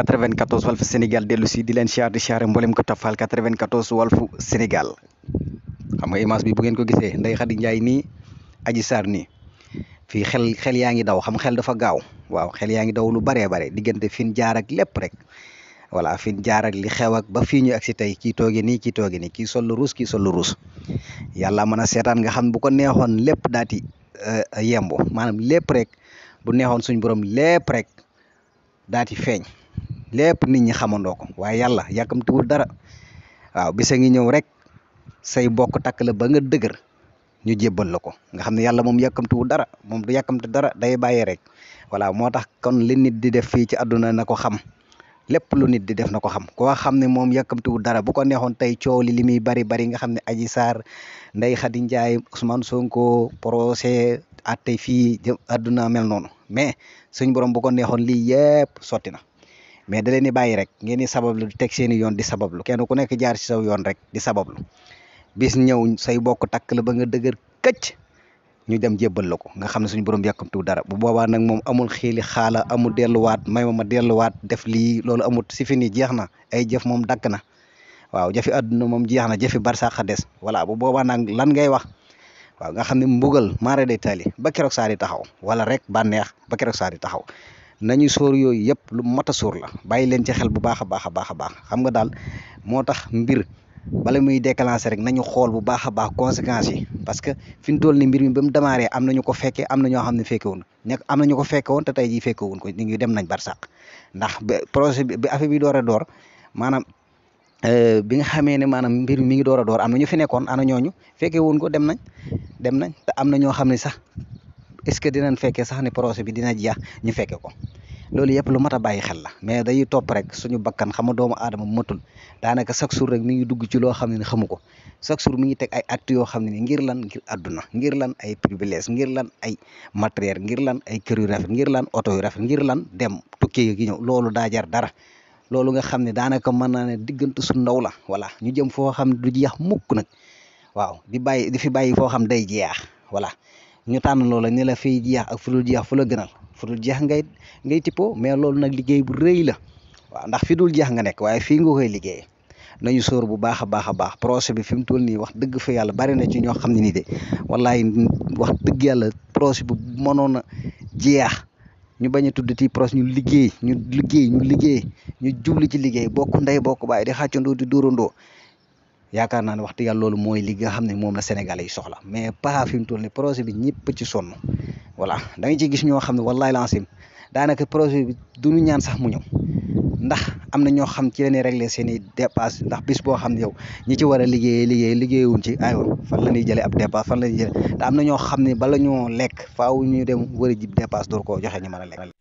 94 Walf Sénégal dellu si di leen siyaar di tafal 94 Walf Sénégal xam image bi bu ngeen ko gisee Ndeye Khady Ndiaye nii Adji Sarr nii fii xel xel yaa ngi daw xam xel dafa gaaw waaw xel yaa ngi daw lu baree bare diggante fi ñu jaar lépp rek voilà fi ñu jaar ak li xew ak ba fii ñu agsi tey kii toogi nii kii toogi nii kii sol lu ruus kii sol lu ruus yàlla mën a seetaan nga xam bu ko neexoon lépp daati euh, yemb maanaam lépp rek bu neexoon suñu borom lépp rek daati feeñ lépp nit ñi xamandoo ko waaye yàlla yàkkamtiwul dara waaw bisa ngi ñëw rek sey bokk takk la ba nga dëgër ñu jébbal la ko nga xam ne yàlla moom yàkkamtiwul dara moom du yàkkamti dara day bàyyi rek voilà moo tax kon li nit di def fii ci àdduna na ko xam lépp lu nit di def na ko xam koo xam ne moom yàkkamtiwul dara bu ko neexoon tey coow li li muy bari bari nga xam ne Adji Sarr Ndeye Khady Ndiaye Ousmane Sonko procès attey fii jëm àdduna mel noonu mais suñ borom bu ko neexoon lii sotti na mais da leen di bàyyi rek ngeen di sabablu di teg seen yoon di sabablu kenn ku nekk jaar ci saw yoon rek di sabablu bis ñëw say bokk takk la ba nga dëgër këcc ñu dem jébbal la ko nga xam ne suñu borom yàkkamtu dara bu boobaa nag moom amul xiili xaala amul delluwaat may ma ma delluwaat def lii loolu amul si fi nii jeex na ay jëf moom dakk na waaw jafi àdduna moom jeex na jafi barsaxa des voilà bu boobaa nag lan ngay wax waaw nga xam ne mbugal maara day taali ba keroog saari taxaw wala rek bànneex ba keroog saari taxaw nañu sóor yooyu yëpp lu mat a sóor la bàyyi leen ci xel bu baax a baax a baax a baax xam nga daal moo tax mbir bala muy déclencher rek nañu xool bu baax a baax conséquence yi parce que fi ñu toll ni mbir mi ba mu démarré am na ñu ko fekkee am na ñoo xam ne fekke woon nekk am na ñu ko fekke woon te tey jii ko ngi dem nañ barsàq ndax projet bi affaire bi door a door maanaam euh, bi nga xamee ne maanaam mbir mi ngi door a door am na ñu fi nekkoon ana ñooñu fekke woon ko dem nañ dem nañ te am na ñoo xam ne sax est-ce que dinañ fekkee sax ni projet bi dina jeex ñu fekke ko loolu yëpp lu mat a bàyyi xel la mais day topp rek suñu bakkan xama doomu aadama matul daanaka chaque jour rek mi ngi dugg ci loo xam ne xamu ko chaque jour mi ngi teg ay actes yoo xam ne ni ngir lan ngir àdduna ngir lan ay privilège ngir lan ay matériel ngir lan ay kër yu rafet ngir lan oto yu rafet ngir lan dem tukki gi ñëw loolu daa jar dara loolu nga xam ne daanaka mën naa ne diggantu su ndaw la wala ñu jëm foo xam ne du jeex mukk nag waaw di bàyyi di fi bàyyi foo xam day jeex voilà ñu tànn loola ni la fiy jeex ak fu dul jeex fu la gënal fu dul jeex ngay ngay tippoo mais loolu nag liggéey bu rëy la waaw ndax fi dul jeex nga nekk waaye fii nga koy liggéey nañu soor bu baax a baax a baax projet bi fi mu toll nii wax dëgg fa yàlla bari na ci ñoo xam ne nii de wallaay wax dëgg yàlla projet bu mënoon a jeex ñu bañ a tudd ti projet ñu liggéey ñu liggéey ñu liggéey ñu jubli ci liggéey bokk ndey bokk baay di xàccandoo di dóorandoo yaakaar naa ne wax yàlla loolu mooy li nga xam ne moom la sénégalais yi soxla mais pas fi mu toll nii projet bi ñëpp ci sonn voilà da nga ciy gis ñoo xam ne wallaay lancim daanaka projet bi duñu ñaan sax mu ñëw ndax am na ñoo xam ci la seen i dépense ndax bis boo xam ne yow ñi ci war a liggéeyee liggéey liggéeyewuñ ci aywa fan la ñuy jëlee ab dépense fan la am na ñoo xam ne bala ñoo lekk faaw ñu dem war a jib dépense door koo joxe ñu ma a lekk